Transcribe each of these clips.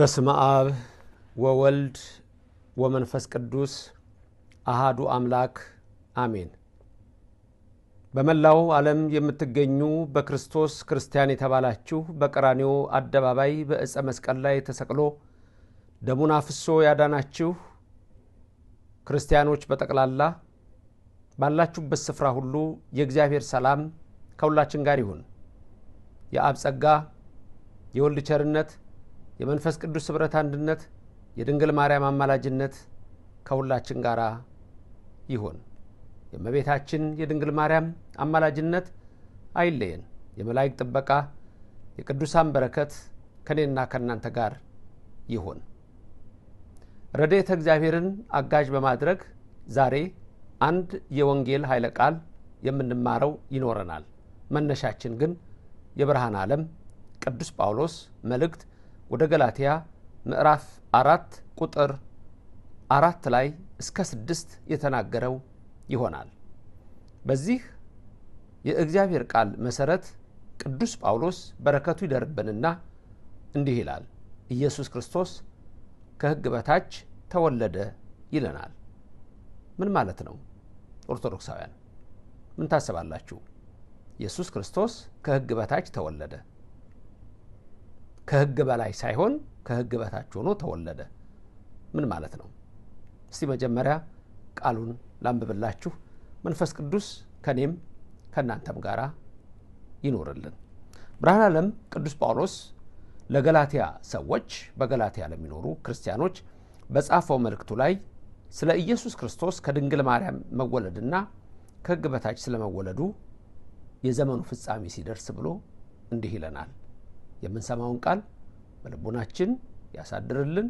በስመ አብ ወወልድ ወመንፈስ ቅዱስ አሃዱ አምላክ አሜን። በመላው ዓለም የምትገኙ በክርስቶስ ክርስቲያን የተባላችሁ በቀራኔው አደባባይ በእፀ መስቀል ላይ ተሰቅሎ ደሙን አፍሶ ያዳናችሁ ክርስቲያኖች በጠቅላላ ባላችሁበት ስፍራ ሁሉ የእግዚአብሔር ሰላም ከሁላችን ጋር ይሁን። የአብ ጸጋ የወልድ ቸርነት የመንፈስ ቅዱስ ኅብረት አንድነት፣ የድንግል ማርያም አማላጅነት ከሁላችን ጋር ይሁን። የእመቤታችን የድንግል ማርያም አማላጅነት አይለየን። የመላእክት ጥበቃ፣ የቅዱሳን በረከት ከእኔና ከእናንተ ጋር ይሁን። ረድኤተ እግዚአብሔርን አጋዥ በማድረግ ዛሬ አንድ የወንጌል ኃይለ ቃል የምንማረው ይኖረናል። መነሻችን ግን የብርሃን ዓለም ቅዱስ ጳውሎስ መልእክት ወደ ገላትያ ምዕራፍ አራት ቁጥር አራት ላይ እስከ ስድስት የተናገረው ይሆናል። በዚህ የእግዚአብሔር ቃል መሰረት ቅዱስ ጳውሎስ በረከቱ ይደርብንና እንዲህ ይላል፣ ኢየሱስ ክርስቶስ ከሕግ በታች ተወለደ ይለናል። ምን ማለት ነው? ኦርቶዶክሳውያን ምን ታስባላችሁ? ኢየሱስ ክርስቶስ ከሕግ በታች ተወለደ ከህግ በላይ ሳይሆን ከህግ በታች ሆኖ ተወለደ። ምን ማለት ነው? እስቲ መጀመሪያ ቃሉን ላንብብላችሁ። መንፈስ ቅዱስ ከኔም ከእናንተም ጋር ይኖርልን። ብርሃን ዓለም ቅዱስ ጳውሎስ ለገላትያ ሰዎች በገላትያ ለሚኖሩ ክርስቲያኖች በጻፈው መልእክቱ ላይ ስለ ኢየሱስ ክርስቶስ ከድንግል ማርያም መወለድና ከህግ በታች ስለመወለዱ የዘመኑ ፍጻሜ ሲደርስ ብሎ እንዲህ ይለናል። የምንሰማውን ቃል በልቡናችን ያሳድርልን፣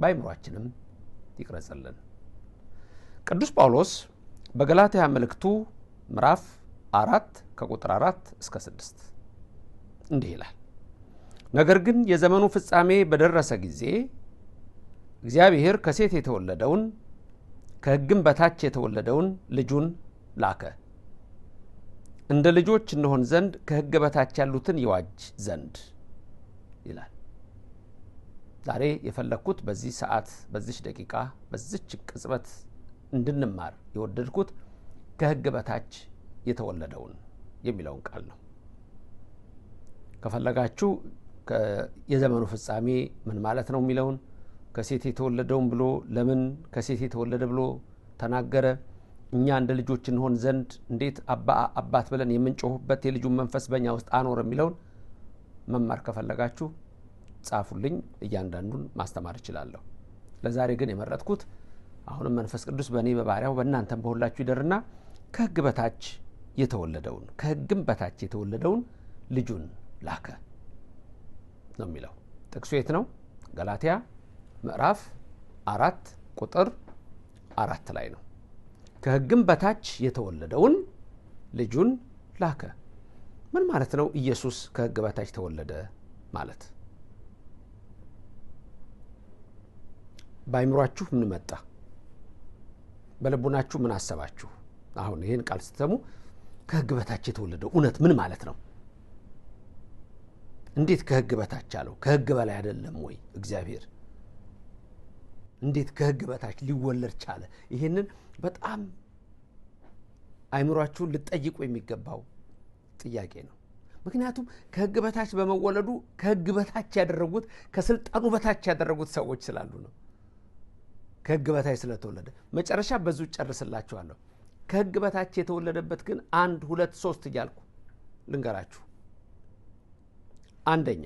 በአይምሯችንም ይቅረጽልን። ቅዱስ ጳውሎስ በገላትያ መልእክቱ ምዕራፍ አራት ከቁጥር አራት እስከ ስድስት እንዲህ ይላል ነገር ግን የዘመኑ ፍጻሜ በደረሰ ጊዜ እግዚአብሔር ከሴት የተወለደውን ከሕግም በታች የተወለደውን ልጁን ላከ፣ እንደ ልጆች እንሆን ዘንድ ከሕግ በታች ያሉትን ይዋጅ ዘንድ ይላል። ዛሬ የፈለግኩት በዚህ ሰዓት፣ በዚች ደቂቃ፣ በዚች ቅጽበት እንድንማር የወደድኩት ከህግ በታች የተወለደውን የሚለውን ቃል ነው። ከፈለጋችሁ የዘመኑ ፍጻሜ ምን ማለት ነው የሚለውን ከሴት የተወለደውን ብሎ ለምን ከሴት የተወለደ ብሎ ተናገረ፣ እኛ እንደ ልጆች እንሆን ዘንድ እንዴት አባ አባት ብለን የምንጮሁበት የልጁን መንፈስ በእኛ ውስጥ አኖር የሚለውን መማር ከፈለጋችሁ ጻፉልኝ። እያንዳንዱን ማስተማር እችላለሁ። ለዛሬ ግን የመረጥኩት አሁንም መንፈስ ቅዱስ በእኔ በባሪያው በእናንተም በሁላችሁ ይደርና ከሕግ በታች የተወለደውን ከሕግም በታች የተወለደውን ልጁን ላከ ነው የሚለው ጥቅሱ። የት ነው? ገላትያ ምዕራፍ አራት ቁጥር አራት ላይ ነው። ከሕግም በታች የተወለደውን ልጁን ላከ። ምን ማለት ነው? ኢየሱስ ከህግ በታች ተወለደ ማለት በአይምሯችሁ ምን መጣ? በልቡናችሁ ምን አሰባችሁ? አሁን ይህን ቃል ስትሰሙ ከህግ በታች የተወለደው እውነት ምን ማለት ነው? እንዴት ከህግ በታች አለው? ከህግ በላይ አይደለም ወይ እግዚአብሔር? እንዴት ከህግ በታች ሊወለድ ቻለ? ይህንን በጣም አይምሯችሁን ልጠይቁ የሚገባው ጥያቄ ነው። ምክንያቱም ከህግ በታች በመወለዱ ከህግ በታች ያደረጉት ከስልጣኑ በታች ያደረጉት ሰዎች ስላሉ ነው። ከህግ በታች ስለተወለደ መጨረሻ በዙ ጨርስላችኋለሁ። ከህግ በታች የተወለደበት ግን አንድ ሁለት ሶስት እያልኩ ልንገራችሁ። አንደኛ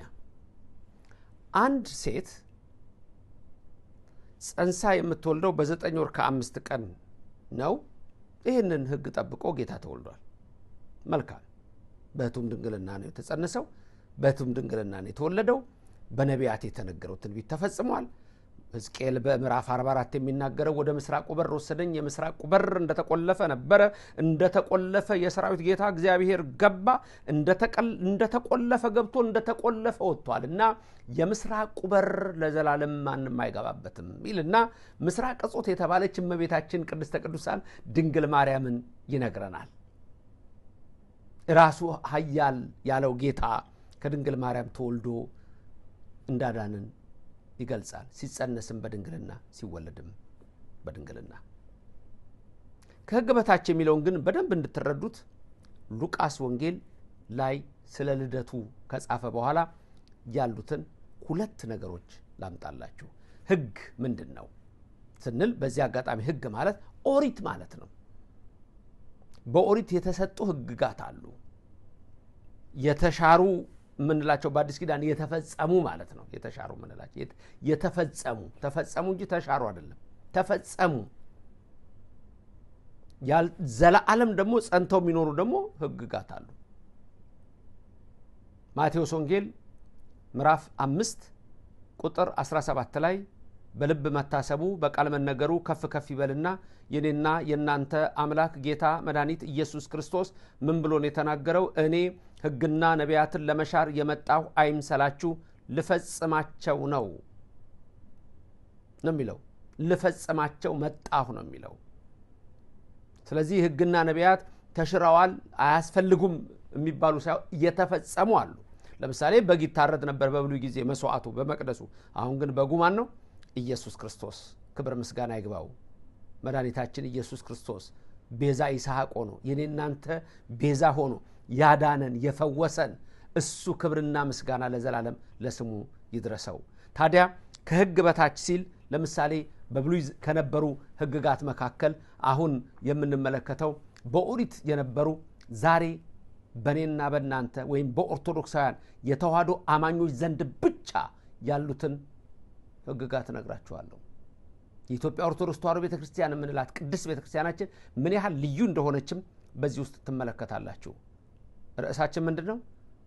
አንድ ሴት ጸንሳ የምትወልደው በዘጠኝ ወር ከአምስት ቀን ነው። ይህንን ህግ ጠብቆ ጌታ ተወልዷል። መልካም በቱም ድንግልና ነው የተጸነሰው፣ በቱም ድንግልና ነው የተወለደው። በነቢያት የተነገረው ትንቢት ተፈጽሟል። ሕዝቅኤል በምዕራፍ 44 የሚናገረው ወደ ምስራቁ በር ወሰደኝ፣ የምስራቁ በር እንደተቆለፈ ነበረ፣ እንደተቆለፈ የሰራዊት ጌታ እግዚአብሔር ገባ፣ እንደተቆለፈ ገብቶ እንደተቆለፈ ወጥቷል እና የምስራቁ በር ለዘላለም ማንም አይገባበትም ይልና ምስራቅ ጾት የተባለች እመቤታችን ቅድስተ ቅዱሳን ድንግል ማርያምን ይነግረናል። ራሱ ሀያል ያለው ጌታ ከድንግል ማርያም ተወልዶ እንዳዳንን ይገልጻል። ሲጸነስም በድንግልና ሲወለድም በድንግልና ከሕግ በታች የሚለውን ግን በደንብ እንድትረዱት ሉቃስ ወንጌል ላይ ስለ ልደቱ ከጻፈ በኋላ ያሉትን ሁለት ነገሮች ላምጣላችሁ። ሕግ ምንድን ነው ስንል በዚህ አጋጣሚ ሕግ ማለት ኦሪት ማለት ነው። በኦሪት የተሰጡ ህግጋት አሉ። የተሻሩ የምንላቸው በአዲስ ኪዳን የተፈጸሙ ማለት ነው። የተሻሩ ምንላቸው የተፈጸሙ ተፈጸሙ እንጂ ተሻሩ አይደለም፣ ተፈጸሙ ዘለዓለም ደግሞ ጸንተው የሚኖሩ ደግሞ ህግጋት አሉ። ማቴዎስ ወንጌል ምዕራፍ አምስት ቁጥር 17 ላይ በልብ መታሰቡ በቃል መነገሩ ከፍ ከፍ ይበልና የኔና የእናንተ አምላክ ጌታ መድኃኒት ኢየሱስ ክርስቶስ ምን ብሎን የተናገረው? እኔ ሕግና ነቢያትን ለመሻር የመጣሁ አይምሰላችሁ ልፈጽማቸው ነው ነው የሚለው ልፈጽማቸው መጣሁ ነው የሚለው። ስለዚህ ሕግና ነቢያት ተሽረዋል፣ አያስፈልጉም የሚባሉ ሳይሆን እየተፈጸሙ አሉ። ለምሳሌ በግ ይታረድ ነበር በብሉይ ጊዜ መስዋዕቱ በመቅደሱ። አሁን ግን በጉ ማን ነው? ኢየሱስ ክርስቶስ ክብር ምስጋና ይግባው። መድኃኒታችን ኢየሱስ ክርስቶስ ቤዛ ይስሐቅ ሆኖ የኔ እናንተ ቤዛ ሆኖ ያዳነን የፈወሰን እሱ ክብርና ምስጋና ለዘላለም ለስሙ ይድረሰው። ታዲያ ከህግ በታች ሲል ለምሳሌ በብሉይ ከነበሩ ህግጋት መካከል አሁን የምንመለከተው በኦሪት የነበሩ ዛሬ በእኔና በእናንተ ወይም በኦርቶዶክሳውያን የተዋህዶ አማኞች ዘንድ ብቻ ያሉትን ህግጋት እነግራችኋለሁ። የኢትዮጵያ ኦርቶዶክስ ተዋሕዶ ቤተ ክርስቲያን የምንላት ቅድስት ቤተ ክርስቲያናችን ምን ያህል ልዩ እንደሆነችም በዚህ ውስጥ ትመለከታላችሁ። ርዕሳችን ምንድን ነው?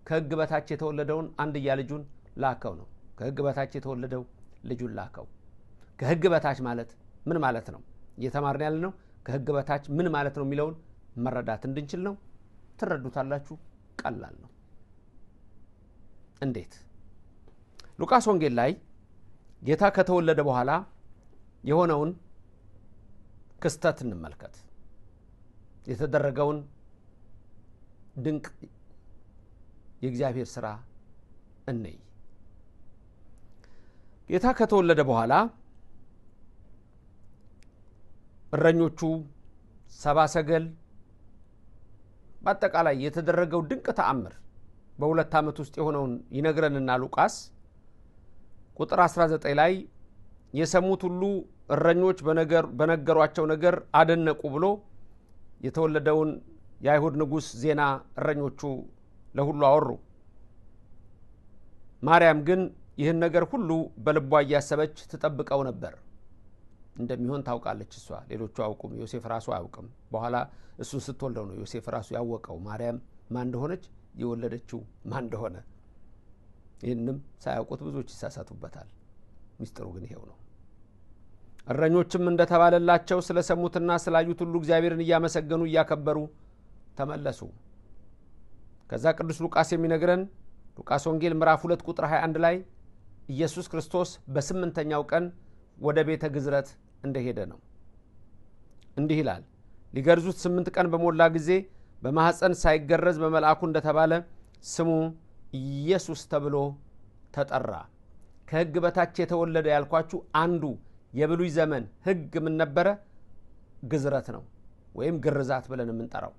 ከህግ በታች የተወለደውን አንድያ ልጁን ላከው ነው። ከህግ በታች የተወለደው ልጁን ላከው። ከህግ በታች ማለት ምን ማለት ነው? እየተማርን ያለ ነው። ከህግ በታች ምን ማለት ነው የሚለውን መረዳት እንድንችል ነው። ትረዱታላችሁ። ቀላል ነው። እንዴት ሉቃስ ወንጌል ላይ ጌታ ከተወለደ በኋላ የሆነውን ክስተት እንመልከት። የተደረገውን ድንቅ የእግዚአብሔር ስራ እንይ። ጌታ ከተወለደ በኋላ እረኞቹ፣ ሰባ ሰገል፣ በአጠቃላይ የተደረገው ድንቅ ተአምር በሁለት ዓመት ውስጥ የሆነውን ይነግረንና ሉቃስ ቁጥር 19 ላይ የሰሙት ሁሉ እረኞች በነገሯቸው ነገር አደነቁ ብሎ የተወለደውን የአይሁድ ንጉሥ ዜና እረኞቹ ለሁሉ አወሩ። ማርያም ግን ይህን ነገር ሁሉ በልቧ እያሰበች ትጠብቀው ነበር። እንደሚሆን ታውቃለች እሷ። ሌሎቹ አያውቁም። ዮሴፍ ራሱ አያውቅም። በኋላ እሱን ስትወልደው ነው ዮሴፍ ራሱ ያወቀው ማርያም ማን እንደሆነች የወለደችው ማን እንደሆነ ይህንም ሳያውቁት ብዙዎች ይሳሳቱበታል። ሚስጥሩ ግን ይሄው ነው። እረኞችም እንደተባለላቸው ስለ ሰሙትና ስላዩት ሁሉ እግዚአብሔርን እያመሰገኑ እያከበሩ ተመለሱ። ከዛ ቅዱስ ሉቃስ የሚነግረን ሉቃስ ወንጌል ምዕራፍ 2 ቁጥር 21 ላይ ኢየሱስ ክርስቶስ በስምንተኛው ቀን ወደ ቤተ ግዝረት እንደሄደ ነው። እንዲህ ይላል። ሊገርዙት ስምንት ቀን በሞላ ጊዜ በማኅፀን ሳይገረዝ በመልአኩ እንደተባለ ስሙ ኢየሱስ ተብሎ ተጠራ። ከሕግ በታች የተወለደ ያልኳችሁ አንዱ የብሉይ ዘመን ሕግ ምን ነበረ? ግዝረት ነው ወይም ግርዛት ብለን የምንጠራው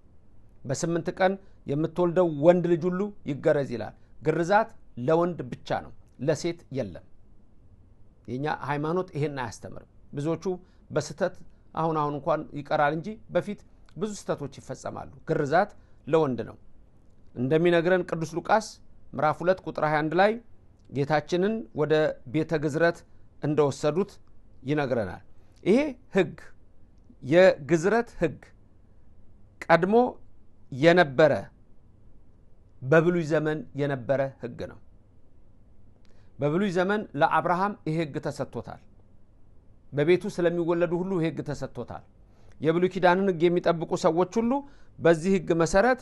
በስምንት ቀን የምትወልደው ወንድ ልጅ ሁሉ ይገረዝ ይላል። ግርዛት ለወንድ ብቻ ነው፣ ለሴት የለም። የእኛ ሃይማኖት ይሄን አያስተምርም። ብዙዎቹ በስህተት አሁን አሁን እንኳን ይቀራል እንጂ በፊት ብዙ ስህተቶች ይፈጸማሉ። ግርዛት ለወንድ ነው እንደሚነግረን ቅዱስ ሉቃስ ምዕራፍ 2 ቁጥር 21 ላይ ጌታችንን ወደ ቤተ ግዝረት እንደወሰዱት ይነግረናል። ይሄ ህግ የግዝረት ህግ ቀድሞ የነበረ በብሉይ ዘመን የነበረ ህግ ነው። በብሉይ ዘመን ለአብርሃም ይሄ ህግ ተሰጥቶታል። በቤቱ ስለሚወለዱ ሁሉ ይሄ ህግ ተሰጥቶታል። የብሉይ ኪዳንን ህግ የሚጠብቁ ሰዎች ሁሉ በዚህ ህግ መሰረት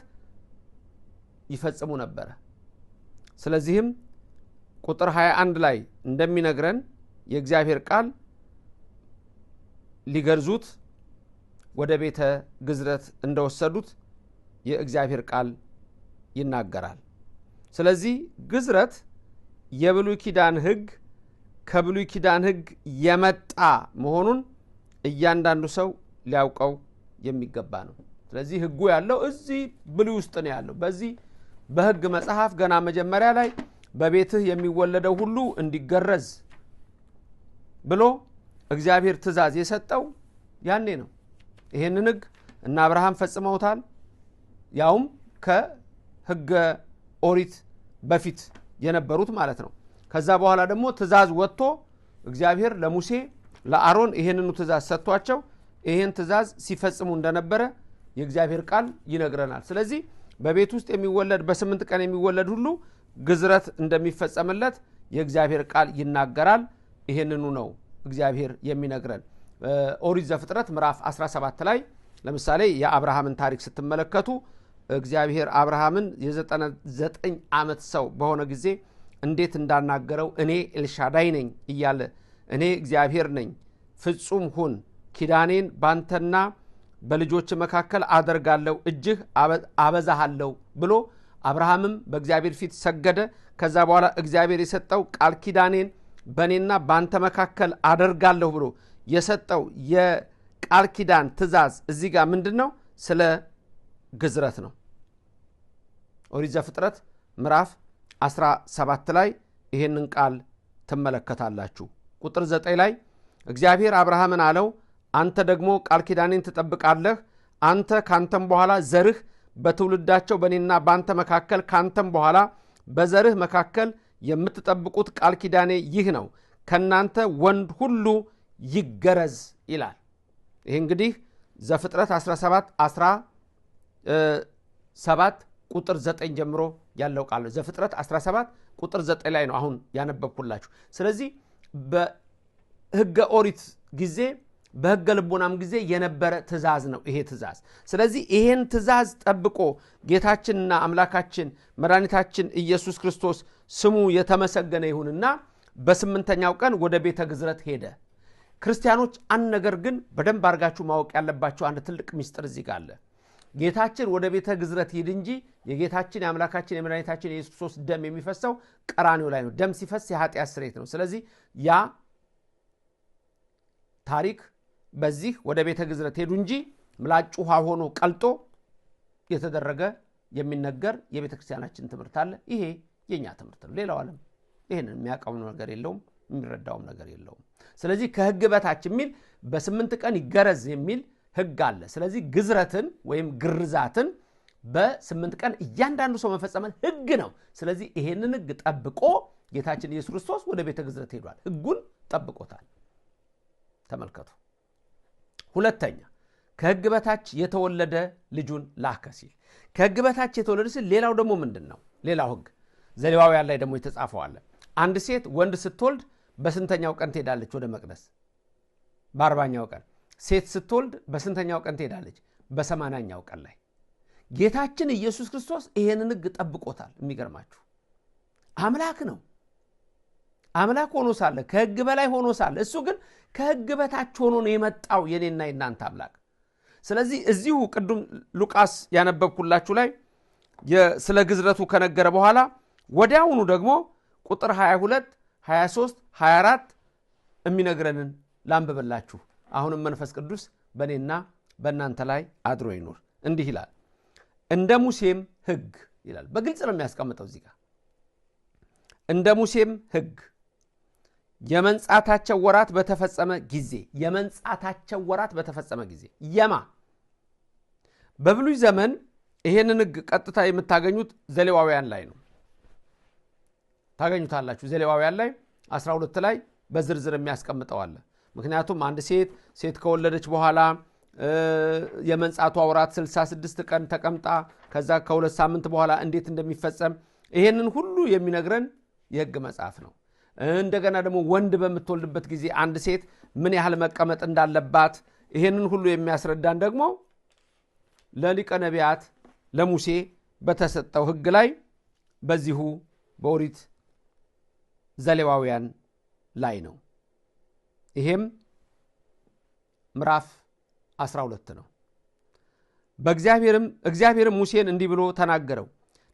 ይፈጽሙ ነበረ። ስለዚህም ቁጥር 21 ላይ እንደሚነግረን የእግዚአብሔር ቃል ሊገርዙት ወደ ቤተ ግዝረት እንደወሰዱት የእግዚአብሔር ቃል ይናገራል። ስለዚህ ግዝረት የብሉይ ኪዳን ህግ ከብሉይ ኪዳን ህግ የመጣ መሆኑን እያንዳንዱ ሰው ሊያውቀው የሚገባ ነው። ስለዚህ ህጉ ያለው እዚህ ብሉይ ውስጥ ነው ያለው በዚህ በህግ መጽሐፍ ገና መጀመሪያ ላይ በቤትህ የሚወለደው ሁሉ እንዲገረዝ ብሎ እግዚአብሔር ትእዛዝ የሰጠው ያኔ ነው። ይህንን ህግ እና አብርሃም ፈጽመውታል። ያውም ከህገ ኦሪት በፊት የነበሩት ማለት ነው። ከዛ በኋላ ደግሞ ትእዛዝ ወጥቶ እግዚአብሔር ለሙሴ ለአሮን ይሄንኑ ትእዛዝ ሰጥቷቸው ይሄን ትእዛዝ ሲፈጽሙ እንደነበረ የእግዚአብሔር ቃል ይነግረናል። ስለዚህ በቤት ውስጥ የሚወለድ በስምንት ቀን የሚወለድ ሁሉ ግዝረት እንደሚፈጸምለት የእግዚአብሔር ቃል ይናገራል። ይህንኑ ነው እግዚአብሔር የሚነግረን። ኦሪት ዘፍጥረት ምዕራፍ 17 ላይ ለምሳሌ የአብርሃምን ታሪክ ስትመለከቱ እግዚአብሔር አብርሃምን የዘጠኝ ዓመት ሰው በሆነ ጊዜ እንዴት እንዳናገረው እኔ ኤልሻዳይ ነኝ እያለ እኔ እግዚአብሔር ነኝ፣ ፍጹም ሁን ኪዳኔን ባንተና በልጆች መካከል አደርጋለሁ እጅህ አበዛሃለሁ ብሎ አብርሃምም በእግዚአብሔር ፊት ሰገደ። ከዛ በኋላ እግዚአብሔር የሰጠው ቃል ኪዳኔን በእኔና በአንተ መካከል አደርጋለሁ ብሎ የሰጠው የቃል ኪዳን ትእዛዝ እዚህ ጋር ምንድን ነው? ስለ ግዝረት ነው። ኦሪት ዘፍጥረት ምዕራፍ 17 ላይ ይህንን ቃል ትመለከታላችሁ። ቁጥር 9 ላይ እግዚአብሔር አብርሃምን አለው አንተ ደግሞ ቃል ኪዳኔን ትጠብቃለህ። አንተ ካንተም በኋላ ዘርህ በትውልዳቸው በእኔና በአንተ መካከል ካንተም በኋላ በዘርህ መካከል የምትጠብቁት ቃል ኪዳኔ ይህ ነው፣ ከእናንተ ወንድ ሁሉ ይገረዝ ይላል። ይህ እንግዲህ ዘፍጥረት 17 17 ቁጥር 9 ጀምሮ ያለው ቃል ነው። ዘፍጥረት 17 ቁጥር 9 ላይ ነው አሁን ያነበብኩላችሁ። ስለዚህ በህገ ኦሪት ጊዜ በህገ ልቦናም ጊዜ የነበረ ትእዛዝ ነው ይሄ ትእዛዝ። ስለዚህ ይሄን ትእዛዝ ጠብቆ ጌታችንና አምላካችን መድኃኒታችን ኢየሱስ ክርስቶስ ስሙ የተመሰገነ ይሁንና በስምንተኛው ቀን ወደ ቤተ ግዝረት ሄደ። ክርስቲያኖች አንድ ነገር ግን በደንብ አድርጋችሁ ማወቅ ያለባቸው አንድ ትልቅ ሚስጥር እዚህ ጋር አለ። ጌታችን ወደ ቤተ ግዝረት ሂድ እንጂ የጌታችን የአምላካችን የመድኃኒታችን የኢየሱስ ክርስቶስ ደም የሚፈሰው ቀራኒው ላይ ነው። ደም ሲፈስ የኃጢአት ስሬት ነው። ስለዚህ ያ ታሪክ በዚህ ወደ ቤተ ግዝረት ሄዱ እንጂ ምላጭ ውሃ ሆኖ ቀልጦ የተደረገ የሚነገር የቤተ ክርስቲያናችን ትምህርት አለ። ይሄ የእኛ ትምህርት ነው። ሌላው ዓለም ይህንን የሚያውቀው ነገር የለውም፣ የሚረዳውም ነገር የለውም። ስለዚህ ከህግ በታች የሚል በስምንት ቀን ይገረዝ የሚል ህግ አለ። ስለዚህ ግዝረትን ወይም ግርዛትን በስምንት ቀን እያንዳንዱ ሰው መፈጸመን ህግ ነው። ስለዚህ ይሄንን ህግ ጠብቆ ጌታችን ኢየሱስ ክርስቶስ ወደ ቤተ ግዝረት ሄዷል። ህጉን ጠብቆታል። ተመልከቱ። ሁለተኛ ከህግ በታች የተወለደ ልጁን ላከ ሲል ከህግ በታች የተወለደ ሲል ሌላው ደግሞ ምንድን ነው? ሌላው ህግ ዘሌዋውያን ላይ ደግሞ የተጻፈው አለ። አንድ ሴት ወንድ ስትወልድ በስንተኛው ቀን ትሄዳለች ወደ መቅደስ? በአርባኛው ቀን። ሴት ስትወልድ በስንተኛው ቀን ትሄዳለች? በሰማናኛው ቀን ላይ ጌታችን ኢየሱስ ክርስቶስ ይሄንን ህግ ጠብቆታል። የሚገርማችሁ አምላክ ነው። አምላክ ሆኖ ሳለ ከህግ በላይ ሆኖ ሳለ እሱ ግን ከህግ በታች ሆኖ ነው የመጣው የኔና የናንተ አምላክ ስለዚህ እዚሁ ቅዱም ሉቃስ ያነበብኩላችሁ ላይ ስለ ግዝረቱ ከነገረ በኋላ ወዲያውኑ ደግሞ ቁጥር 22 23 24 የሚነግረንን ላንብብላችሁ አሁንም መንፈስ ቅዱስ በእኔና በእናንተ ላይ አድሮ ይኖር እንዲህ ይላል እንደ ሙሴም ህግ ይላል በግልጽ ነው የሚያስቀምጠው እዚህ ጋር እንደ ሙሴም ህግ የመንጻታቸው ወራት በተፈጸመ ጊዜ የመንጻታቸው ወራት በተፈጸመ ጊዜ የማ በብሉይ ዘመን ይሄንን ህግ ቀጥታ የምታገኙት ዘሌዋውያን ላይ ነው። ታገኙታላችሁ። ዘሌዋውያን ላይ 12 ላይ በዝርዝር የሚያስቀምጠዋለ አለ። ምክንያቱም አንድ ሴት ሴት ከወለደች በኋላ የመንጻቷ ወራት 66 ቀን ተቀምጣ ከዛ ከሁለት ሳምንት በኋላ እንዴት እንደሚፈጸም ይሄንን ሁሉ የሚነግረን የህግ መጽሐፍ ነው። እንደገና ደግሞ ወንድ በምትወልድበት ጊዜ አንድ ሴት ምን ያህል መቀመጥ እንዳለባት ይሄንን ሁሉ የሚያስረዳን ደግሞ ለሊቀ ነቢያት ለሙሴ በተሰጠው ህግ ላይ በዚሁ በኦሪት ዘሌዋውያን ላይ ነው። ይሄም ምዕራፍ 12 ነው። በእግዚአብሔርም እግዚአብሔርም ሙሴን እንዲህ ብሎ ተናገረው፣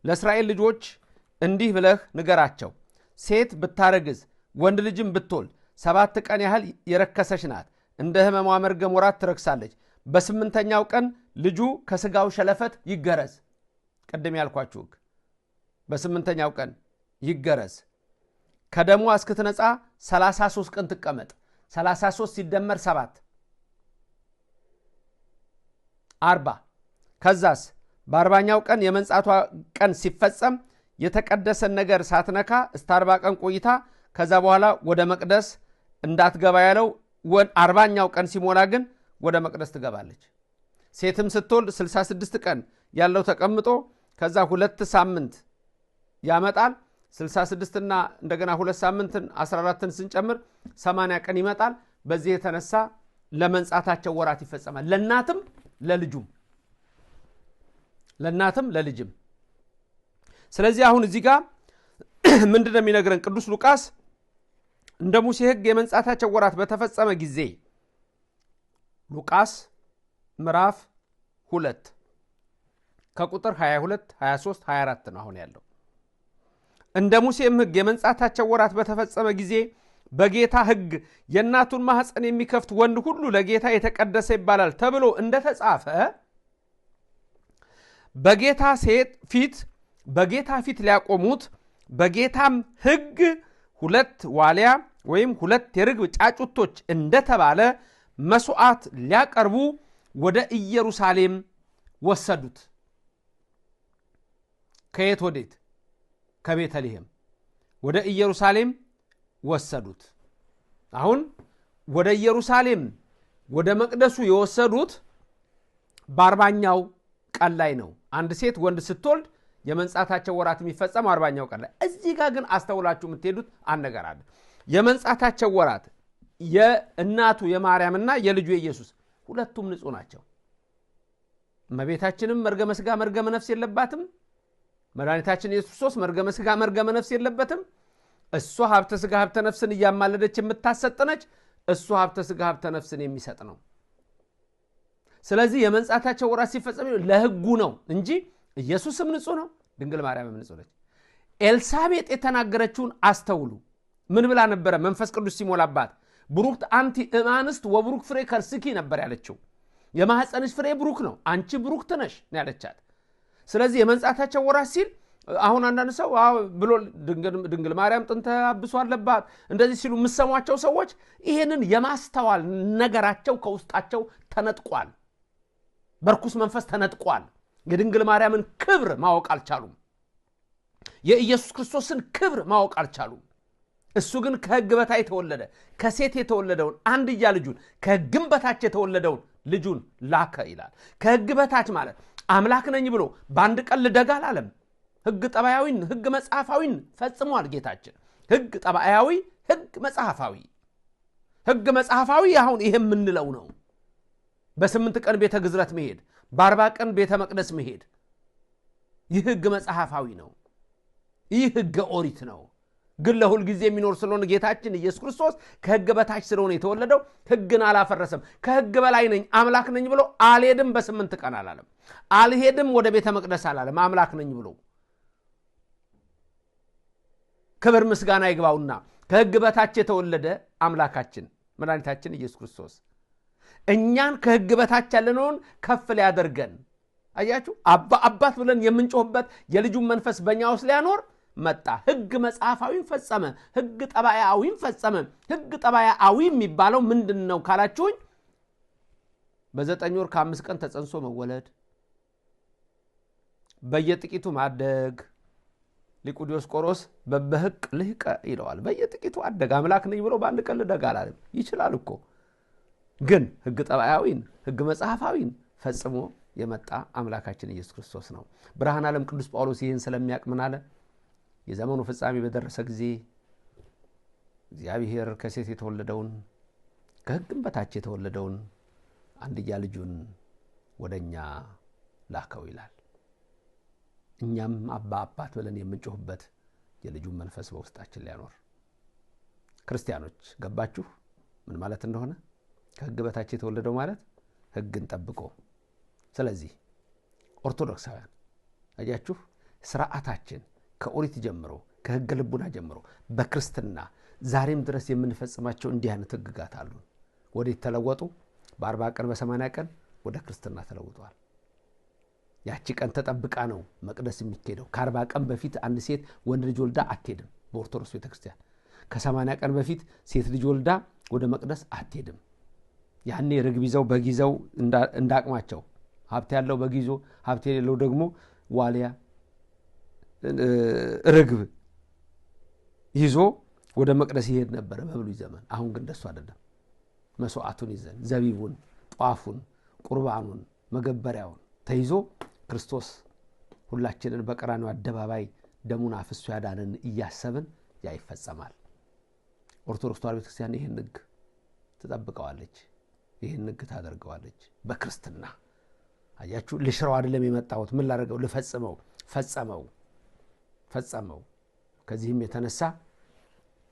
ለእስራኤል ልጆች እንዲህ ብለህ ንገራቸው ሴት ብታረግዝ ወንድ ልጅም ብትወልድ ሰባት ቀን ያህል የረከሰች ናት። እንደ ሕመሟ መርገም ወራት ትረክሳለች። በስምንተኛው ቀን ልጁ ከስጋው ሸለፈት ይገረዝ። ቅድም ያልኳችሁ ሕግ በስምንተኛው ቀን ይገረዝ። ከደሟ እስክትነጻ 33 ቀን ትቀመጥ። 33 ሲደመር 7 አርባ ከዛስ በአርባኛው ቀን የመንጻቷ ቀን ሲፈጸም የተቀደሰን ነገር ሳትነካ እስከ አርባ ቀን ቆይታ ከዛ በኋላ ወደ መቅደስ እንዳትገባ ያለው አርባኛው ቀን ሲሞላ ግን ወደ መቅደስ ትገባለች። ሴትም ስትወልድ 66 ቀን ያለው ተቀምጦ ከዛ ሁለት ሳምንት ያመጣል። 66ና እንደገና ሁለት ሳምንትን 14ን ስንጨምር 80 ቀን ይመጣል። በዚህ የተነሳ ለመንጻታቸው ወራት ይፈጸማል። ለእናትም ለልጁም ለእናትም ለልጅም ስለዚህ አሁን እዚህ ጋር ምንድን ነው የሚነግረን ቅዱስ ሉቃስ እንደ ሙሴ ህግ የመንጻታቸው ወራት በተፈጸመ ጊዜ ሉቃስ ምዕራፍ ሁለት ከቁጥር 22 23 24 ነው አሁን ያለው እንደ ሙሴም ህግ የመንጻታቸው ወራት በተፈጸመ ጊዜ በጌታ ህግ የእናቱን ማኅፀን የሚከፍት ወንድ ሁሉ ለጌታ የተቀደሰ ይባላል ተብሎ እንደተጻፈ በጌታ ሴት ፊት በጌታ ፊት ሊያቆሙት በጌታም ሕግ ሁለት ዋሊያ ወይም ሁለት የርግብ ጫጩቶች እንደተባለ መሥዋዕት ሊያቀርቡ ወደ ኢየሩሳሌም ወሰዱት። ከየት ወዴት? ከቤተልሔም ወደ ኢየሩሳሌም ወሰዱት። አሁን ወደ ኢየሩሳሌም ወደ መቅደሱ የወሰዱት በአርባኛው ቀን ላይ ነው። አንድ ሴት ወንድ ስትወልድ የመንጻታቸው ወራት የሚፈጸመው አርባኛው ቀን ላይ። እዚህ ጋር ግን አስተውላችሁ የምትሄዱት አንድ ነገር አለ። የመንጻታቸው ወራት የእናቱ የማርያምና የልጁ የኢየሱስ ሁለቱም ንጹህ ናቸው። እመቤታችንም መርገመ ስጋ መርገመ ነፍስ የለባትም። መድኃኒታችን ኢየሱስ ክርስቶስ መርገመ መርገመ ነፍስ የለበትም። እሷ ሀብተ ስጋ ሀብተ ነፍስን እያማለደች የምታሰጥነች፣ እሱ ሀብተ ስጋ ሀብተ ነፍስን የሚሰጥ ነው። ስለዚህ የመንጻታቸው ወራት ሲፈጸም ለህጉ ነው እንጂ ኢየሱስም ንጹህ ነው፣ ድንግል ማርያምም ንጹህ ነች። ኤልሳቤጥ የተናገረችውን አስተውሉ። ምን ብላ ነበረ? መንፈስ ቅዱስ ሲሞላባት ብሩክት አንቲ እማንስት ወብሩክ ፍሬ ከርስኪ ነበር ያለችው። የማህፀንሽ ፍሬ ብሩክ ነው፣ አንቺ ብሩክት ነሽ ያለቻት። ስለዚህ የመንጻታቸው ወራት ሲል አሁን አንዳንድ ሰው ብሎ ድንግል ማርያም ጥንተ አብሶ አለባት እንደዚህ ሲሉ የምሰሟቸው ሰዎች ይህንን የማስተዋል ነገራቸው ከውስጣቸው ተነጥቋል፣ በርኩስ መንፈስ ተነጥቋል። የድንግል ማርያምን ክብር ማወቅ አልቻሉም። የኢየሱስ ክርስቶስን ክብር ማወቅ አልቻሉም። እሱ ግን ከሕግ በታች የተወለደ ከሴት የተወለደውን አንድያ ልጁን ከሕግም በታች የተወለደውን ልጁን ላከ ይላል። ከሕግ በታች ማለት አምላክ ነኝ ብሎ በአንድ ቀን ልደጋ አላለም። ሕግ ጠባያዊን፣ ሕግ መጽሐፋዊን ፈጽሟል ጌታችን። ሕግ ጠባያዊ፣ ሕግ መጽሐፋዊ። ሕግ መጽሐፋዊ አሁን ይሄ የምንለው ነው። በስምንት ቀን ቤተ ግዝረት መሄድ በአርባ ቀን ቤተ መቅደስ መሄድ ይህ ህግ መጽሐፋዊ ነው። ይህ ህገ ኦሪት ነው። ግን ለሁል ጊዜ የሚኖር ስለሆነ ጌታችን ኢየሱስ ክርስቶስ ከህግ በታች ስለሆነ የተወለደው ህግን አላፈረሰም። ከህግ በላይ ነኝ አምላክ ነኝ ብሎ አልሄድም። በስምንት ቀን አላለም። አልሄድም ወደ ቤተ መቅደስ አላለም። አምላክ ነኝ ብሎ ክብር ምስጋና ይግባውና ከህግ በታች የተወለደ አምላካችን መድኃኒታችን ኢየሱስ ክርስቶስ እኛን ከህግ በታች ያለነውን ከፍ ሊያደርገን አያችሁ፣ አባት ብለን የምንጮህበት የልጁን መንፈስ በእኛ ውስጥ ሊያኖር መጣ። ህግ መጽሐፋዊም ፈጸመ፣ ህግ ጠባያዊም ፈጸመ። ህግ ጠባያዊ የሚባለው ምንድን ነው ካላችሁኝ፣ በዘጠኝ ወር ከአምስት ቀን ተጸንሶ መወለድ፣ በየጥቂቱ ማደግ ሊቁ ዲዮስቆሮስ በበህቅ ልህቀ ይለዋል። በየጥቂቱ አደግ አምላክ ነኝ ብሎ በአንድ ቀን ልደግ አላለም። ይችላል እኮ ግን ህግ ጠባያዊን ህግ መጽሐፋዊን ፈጽሞ የመጣ አምላካችን ኢየሱስ ክርስቶስ ነው። ብርሃን ዓለም ቅዱስ ጳውሎስ ይህን ስለሚያውቅ ምን አለ? የዘመኑ ፍጻሜ በደረሰ ጊዜ እግዚአብሔር ከሴት የተወለደውን ከህግም በታች የተወለደውን አንድያ ልጁን ወደ እኛ ላከው ይላል። እኛም አባ አባት ብለን የምንጮህበት የልጁን መንፈስ በውስጣችን ሊያኖር ክርስቲያኖች ገባችሁ ምን ማለት እንደሆነ? ከህግ በታች የተወለደው ማለት ህግን ጠብቆ ስለዚህ ኦርቶዶክሳውያን አያችሁ ስርዓታችን ከኦሪት ጀምሮ ከህገ ልቡና ጀምሮ በክርስትና ዛሬም ድረስ የምንፈጽማቸው እንዲህ አይነት ህግጋት አሉ። ወዴት ተለወጡ? በአርባ ቀን በሰማያ ቀን ወደ ክርስትና ተለውጠዋል። ያቺ ቀን ተጠብቃ ነው መቅደስ የሚካሄደው። ከአርባ ቀን በፊት አንድ ሴት ወንድ ልጅ ወልዳ አትሄድም በኦርቶዶክስ ቤተክርስቲያን። ከሰማያ ቀን በፊት ሴት ልጅ ወልዳ ወደ መቅደስ አትሄድም። ያኔ ርግብ ይዘው በጊዘው እንዳቅማቸው ሀብት ያለው በጊዞ ሀብት የሌለው ደግሞ ዋልያ ርግብ ይዞ ወደ መቅደስ ይሄድ ነበረ በብሉይ ዘመን። አሁን ግን ደሱ አደለም መስዋዕቱን ይዘን ዘቢቡን፣ ጧፉን፣ ቁርባኑን፣ መገበሪያውን ተይዞ ክርስቶስ ሁላችንን በቀራኒው አደባባይ ደሙን አፍሶ ያዳንን እያሰብን ያ ይፈጸማል። ኦርቶዶክስ ተዋሕዶ ቤተክርስቲያን ይህን ህግ ትጠብቀዋለች። ይህን ሕግ ታደርገዋለች በክርስትና አያችሁ። ልሽረው አይደለም የመጣሁት ምን ላደርገው ልፈጽመው፣ ፈጸመው ፈጸመው። ከዚህም የተነሳ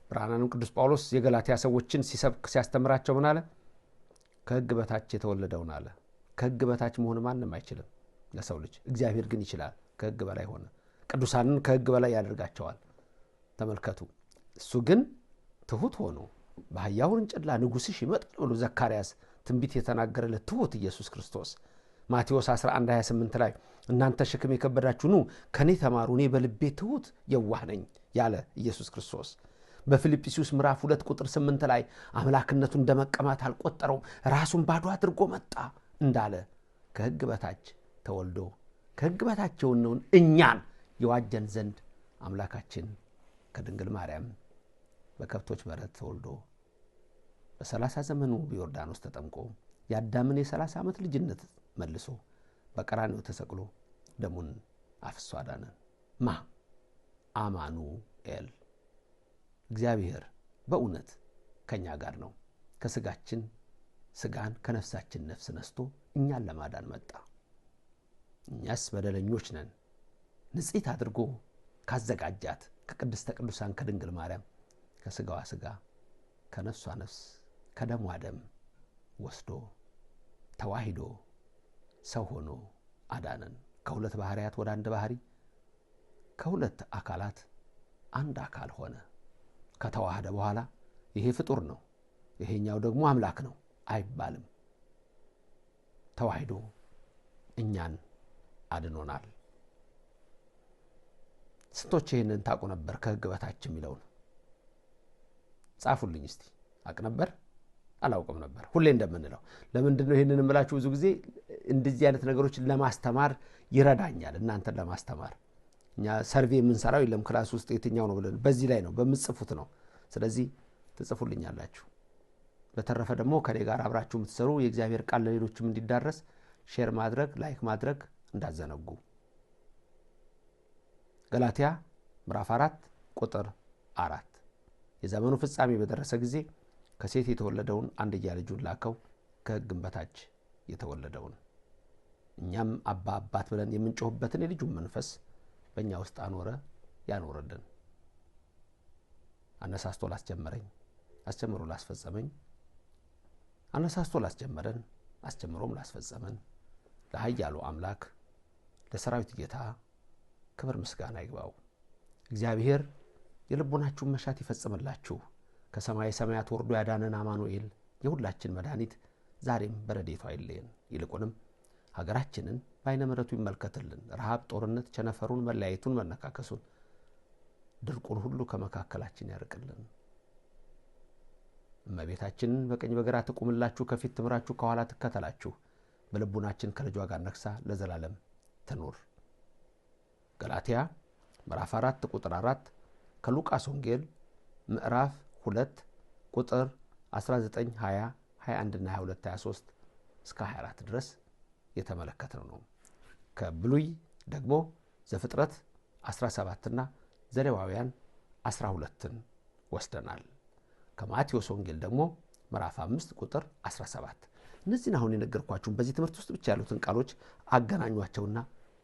ብርሃናንም ቅዱስ ጳውሎስ የገላትያ ሰዎችን ሲሰብክ ሲያስተምራቸው ምን አለ? ከህግ በታች የተወለደውን አለ። ከህግ በታች መሆን ማንም አይችልም ለሰው ልጅ፣ እግዚአብሔር ግን ይችላል። ከህግ በላይ ሆነ። ቅዱሳንን ከህግ በላይ ያደርጋቸዋል። ተመልከቱ። እሱ ግን ትሁት ሆኖ በአህያ ውርንጭላ ንጉሥሽ ይመጣል ብሎ ዘካርያስ ትንቢት የተናገረለት ትሑት ኢየሱስ ክርስቶስ ማቴዎስ 1128 ላይ እናንተ ሸክም የከበዳችሁ ኑ ከእኔ ተማሩ እኔ በልቤ ትሁት የዋህ ነኝ ያለ ኢየሱስ ክርስቶስ በፊልጵስዩስ ምዕራፍ 2 ቁጥር 8 ላይ አምላክነቱ እንደ መቀማት አልቆጠረው ራሱን ባዶ አድርጎ መጣ እንዳለ ከሕግ በታች ተወልዶ ከሕግ በታች የሆነውን እኛን የዋጀን ዘንድ አምላካችን ከድንግል ማርያም በከብቶች በረት ተወልዶ በሰላሳ ዘመኑ በዮርዳኖስ ተጠምቆ የአዳምን የሰላሳ ዓመት ልጅነት መልሶ በቀራኒው ተሰቅሎ ደሙን አፍሶ አዳነን። ማ አማኑኤል እግዚአብሔር በእውነት ከእኛ ጋር ነው። ከስጋችን ስጋን ከነፍሳችን ነፍስ ነስቶ እኛን ለማዳን መጣ። እኛስ በደለኞች ነን። ንጽሕት አድርጎ ካዘጋጃት ከቅድስተ ቅዱሳን ከድንግል ማርያም ከስጋዋ ስጋ ከነፍሷ ነፍስ ከደሟ ደም ወስዶ ተዋሂዶ ሰው ሆኖ አዳነን። ከሁለት ባህርያት ወደ አንድ ባህሪ፣ ከሁለት አካላት አንድ አካል ሆነ። ከተዋህደ በኋላ ይሄ ፍጡር ነው፣ ይሄኛው ደግሞ አምላክ ነው አይባልም። ተዋሂዶ እኛን አድኖናል። ስንቶች ይህንን ታውቁ ነበር? ከህግ በታች የሚለውን ጻፉልኝ እስቲ። አቅ ነበር አላውቅም ነበር። ሁሌ እንደምንለው ለምንድን ነው ይህንን እምላችሁ? ብዙ ጊዜ እንደዚህ አይነት ነገሮችን ለማስተማር ይረዳኛል፣ እናንተን ለማስተማር። እኛ ሰርቬ የምንሰራው የለም ክላስ ውስጥ የትኛው ነው ብለን፣ በዚህ ላይ ነው በምጽፉት ነው። ስለዚህ ትጽፉልኛላችሁ። በተረፈ ደግሞ ከኔ ጋር አብራችሁ የምትሰሩ የእግዚአብሔር ቃል ለሌሎችም እንዲዳረስ ሼር ማድረግ ላይክ ማድረግ እንዳዘነጉ። ገላትያ ምዕራፍ አራት ቁጥር አራት የዘመኑ ፍጻሜ በደረሰ ጊዜ ከሴት የተወለደውን አንድያ ልጁን ላከው ከሕግም በታች የተወለደውን እኛም አባ አባት ብለን የምንጮህበትን የልጁን መንፈስ በእኛ ውስጥ አኖረ ያኖረልን። አነሳስቶ ላስጀመረኝ አስጀምሮ ላስፈጸመኝ አነሳስቶ ላስጀመረን አስጀምሮም ላስፈጸመን ለሀያሉ አምላክ ለሰራዊት ጌታ ክብር ምስጋና ይግባው። እግዚአብሔር የልቦናችሁን መሻት ይፈጽምላችሁ። ከሰማይ ሰማያት ወርዶ ያዳነን አማኑኤል የሁላችን መድኃኒት ዛሬም በረዴቱ አይለየን። ይልቁንም ሀገራችንን በአይነ ምሕረቱ ይመልከትልን። ረሃብ፣ ጦርነት፣ ቸነፈሩን፣ መለያየቱን፣ መነካከሱን፣ ድርቁን ሁሉ ከመካከላችን ያርቅልን። እመቤታችንን በቀኝ በግራ ትቁምላችሁ፣ ከፊት ትምራችሁ፣ ከኋላ ትከተላችሁ። በልቡናችን ከልጇ ጋር ነግሳ ለዘላለም ትኑር። ገላትያ ምዕራፍ 4 ቁጥር 4 ከሉቃስ ወንጌል ምዕራፍ 2 ቁጥር 19 20 21 እና 22 23 እስከ 24 ድረስ የተመለከትነው ነው። ከብሉይ ደግሞ ዘፍጥረት 17 እና ዘሌዋውያን 12ን ወስደናል። ከማቴዎስ ወንጌል ደግሞ ምዕራፍ 5 ቁጥር 17 እነዚህን አሁን የነገርኳችሁን በዚህ ትምህርት ውስጥ ብቻ ያሉትን ቃሎች አገናኟቸውና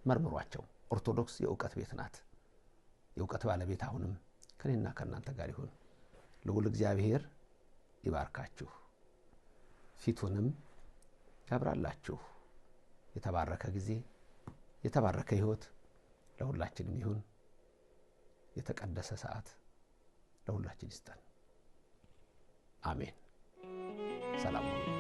መርምሯቸው። ኦርቶዶክስ የእውቀት ቤት ናት። የእውቀት ባለቤት አሁንም ከኔና ከእናንተ ጋር ይሁን። ልዑል እግዚአብሔር ይባርካችሁ፣ ፊቱንም ያብራላችሁ። የተባረከ ጊዜ የተባረከ ህይወት ለሁላችንም ይሁን። የተቀደሰ ሰዓት ለሁላችን ይስጠን። አሜን። ሰላም